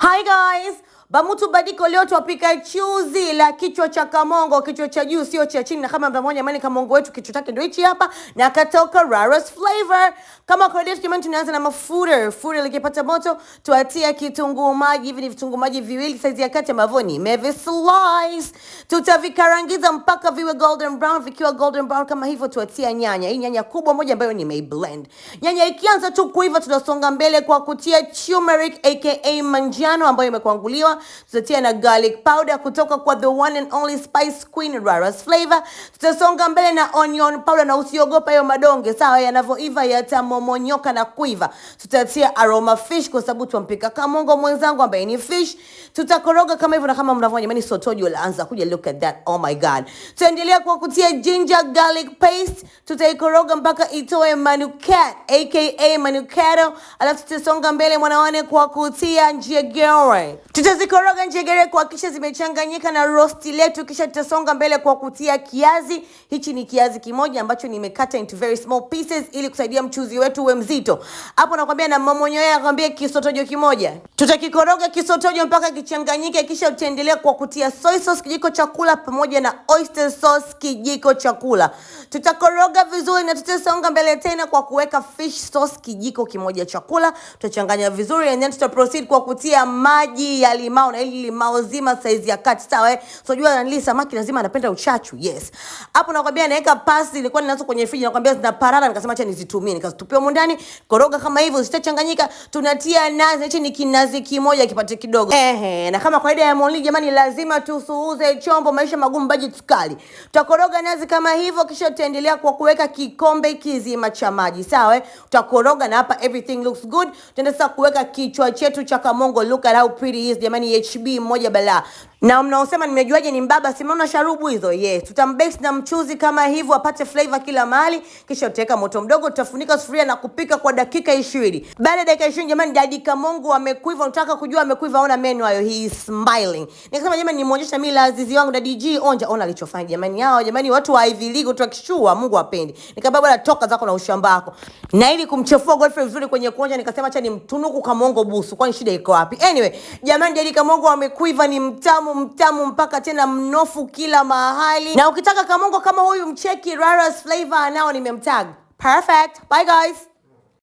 Hi guys Bamutu Badiko leo twapika chuzi la kichwa cha kamongo, kichwa cha juu sio cha chini, na kama mtamwona jamani, kamongo wetu kichwa chake ndio hichi hapa, na katoka Raros flavor. Kama kawaida jamani, tunaanza na mafuta. Futa likipata moto, tuatia kitunguu maji. Hivi ni vitunguu maji viwili size ya kati ambavyo mevi slice. Tutavikarangiza mpaka viwe golden brown. Vikiwa golden brown kama hivyo, tuatia nyanya. Hii nyanya kubwa moja ambayo blend. Nyanya ikianza tu kuiva, tunasonga mbele kwa kutia turmeric aka manjano ambayo imekuanguliwa tutatia na garlic powder kutoka kwa the one and only Spice Queen Rara's Flavor. Tutasonga mbele na onion powder, na usiogopa hayo madonge, sawa, yanavyoiva yatamomonyoka na kuiva. Tutatia aroma fish kwa sababu tumpika kamongo mwenzangu ambaye ni fish. Tutakoroga kama hivyo na kama mnavyoona jamani, sotojo laanza kuja, look at that, oh my god. Tutaendelea kwa kutia ginger garlic paste, tutaikoroga mpaka itoe manukato aka manukato, alafu tutasonga mbele mwanawane kwa kutia njia gere Tutazikoroga njegere kuhakikisha zimechanganyika na rosti letu, kisha tutasonga mbele kwa kutia kiazi. Hichi ni kiazi kimoja ambacho nimekata into very small pieces ili kusaidia mchuzi wetu uwe mzito. Hapo nakwambia na mamonyoe akwambia kisotojo kimoja. Tutakikoroga kisotojo mpaka kichanganyike, kisha utaendelea kwa kutia soy sauce kijiko chakula pamoja na oyster sauce kijiko chakula. Tutakoroga vizuri na tutasonga mbele tena kwa kuweka fish sauce kijiko kimoja chakula. Tutachanganya vizuri and then tutaproceed kwa kutia maji ya lima limao na hili limao zima size ya kati, sawa eh? So jua nili samaki lazima anapenda uchachu. Yes. Hapo nakwambia naweka pasi nilikuwa ninazo kwenye friji, nakwambia zina parara nikasema acha nizitumie, nikazitupia humo ndani, koroga kama hivyo zitachanganyika, tunatia nazi, hichi ni kinazi kimoja kipate kidogo. Ehe, na kama kwa ile ya Molly jamani, lazima tusuuze chombo, maisha magumu, budget kali. Tutakoroga nazi kama hivyo, kisha tutaendelea kwa kuweka kikombe kizima cha maji, sawa eh? Tutakoroga na hapa everything looks good. Tutaenda sasa kuweka kichwa chetu cha kamongo. Look at how pretty is jamani yani HB mmoja balaa. Na mnaosema nimejuaje ni mbaba, simeona sharubu hizo? Yes, tutambase na mchuzi kama hivyo apate flavor kila mahali, kisha utaweka moto mdogo, utafunika sufuria na kupika kwa dakika 20. Baada ya dakika 20, jamani, dadi Kamongo amekuiva. Unataka kujua amekuiva, ona menu hayo, he is smiling. Nikasema jamani, nimuonyesha mimi lazizi wangu dadi G, onja, ona alichofanya jamani. Hao jamani, watu wa Ivy League tuakishua, Mungu apende. Nikamwambia bwana, toka zako na ushamba wako. Na ili kumchefua Godfrey vizuri kwenye kuonja, nikasema acha nimtunuku Kamongo busu, kwani shida iko wapi? Anyway, jamani dadi kamongo wamekuiva ni mtamu mtamu mpaka tena mnofu kila mahali, na ukitaka kamongo kama huyu mcheki Rara's flavor anao, nimemtag. Perfect. Bye guys.